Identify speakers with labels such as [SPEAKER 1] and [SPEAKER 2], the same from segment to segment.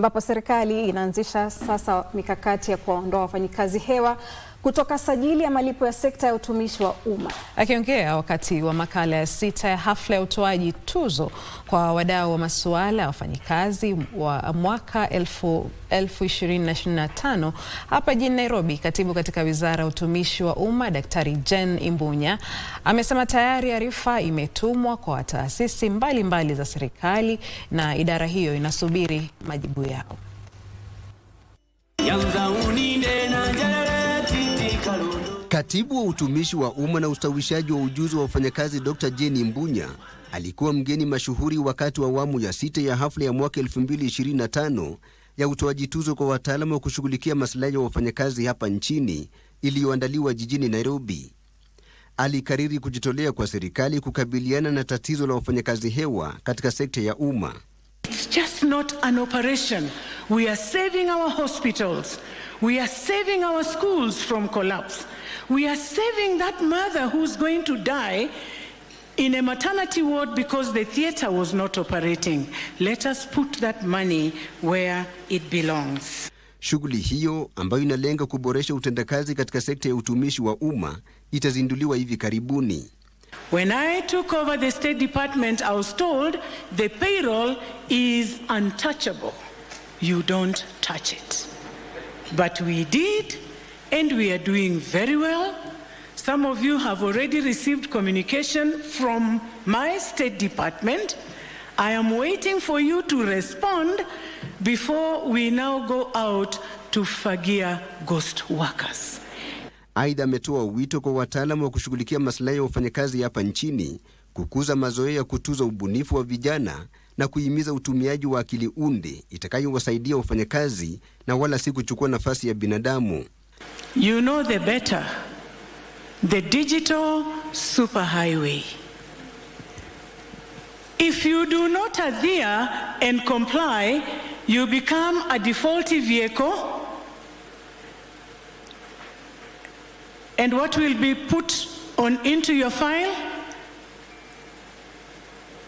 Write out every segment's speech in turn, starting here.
[SPEAKER 1] ambapo serikali inaanzisha sasa mikakati ya kuwaondoa wafanyikazi hewa kutoka sajili ya malipo ya sekta ya utumishi wa umma.
[SPEAKER 2] Akiongea wakati wa makala ya sita ya hafla ya utoaji tuzo kwa wadau wa masuala ya wafanyikazi wa mwaka 2025 hapa jijini Nairobi, katibu katika wizara ya utumishi wa umma Daktari Jane Imbunya amesema tayari arifa imetumwa kwa taasisi mbalimbali za serikali na idara hiyo inasubiri majibu yao.
[SPEAKER 3] Katibu wa utumishi wa umma na ustawishaji wa ujuzi wa wafanyakazi Dr. Jenny Mbunya alikuwa mgeni mashuhuri wakati wa awamu ya sita ya hafla ya mwaka 2025 ya utoaji tuzo kwa wataalamu wa kushughulikia masilahi ya wafanyakazi hapa nchini iliyoandaliwa jijini Nairobi. Alikariri kujitolea kwa serikali kukabiliana na tatizo la wafanyakazi hewa katika sekta ya umma.
[SPEAKER 4] It's just not an operation. We are saving our hospitals. We are saving our schools from collapse. We are saving that mother who's going to die in a maternity ward because the theater was not operating. Let us put that money where it belongs.
[SPEAKER 3] Shughuli hiyo ambayo inalenga kuboresha utendakazi katika sekta ya utumishi wa umma itazinduliwa hivi karibuni.
[SPEAKER 4] When I took over the State Department, I was told the payroll is untouchable. You don't touch it. But we did and we are doing very well. Some of you have already received communication from my State Department. I am waiting for you to respond before we now go out to fagia ghost workers.
[SPEAKER 3] Aidha, ametoa wito kwa wataalamu wa kushughulikia masilahi ya wafanyakazi hapa nchini kukuza mazoea ya kutuza ubunifu wa vijana na kuhimiza utumiaji wa akili unde itakayowasaidia wafanyakazi na wala si kuchukua nafasi ya binadamu.
[SPEAKER 4] You know the better, the digital superhighway. If you do not adhere and comply, you become a defaulty vehicle and what will be put on into your file?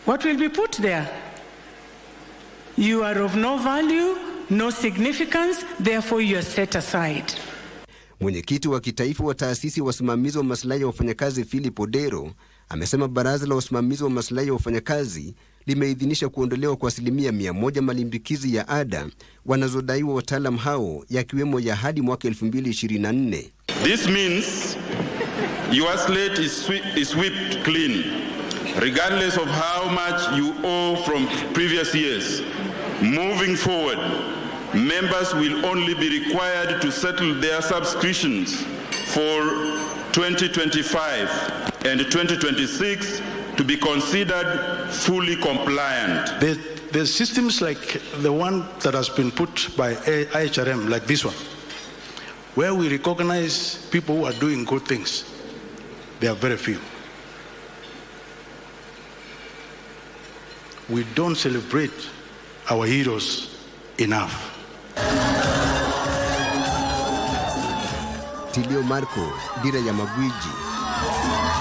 [SPEAKER 4] What will be put there? You are of no value, no significance, therefore you are set aside.
[SPEAKER 3] Mwenyekiti wa kitaifa wa taasisi ya wasimamizi wa maslahi ya wafanyakazi Philip Odero amesema baraza la wasimamizi wa maslahi ya wafanyakazi limeidhinisha kuondolewa kwa asilimia mia moja malimbikizi ya ada wanazodaiwa wataalam hao yakiwemo ya hadi mwaka 2024.
[SPEAKER 5] This means your slate is, is swept clean regardless of how much you owe from previous years moving forward members will only be required to settle their subscriptions for 2025 and 2026 to be considered fully compliant.
[SPEAKER 6] There, there's systems like the one that has been put by IHRM, like this one, where we recognize people who are doing good things. There are very few. We don't celebrate our heroes enough. Tilio Marco, Dira ya Magwiji.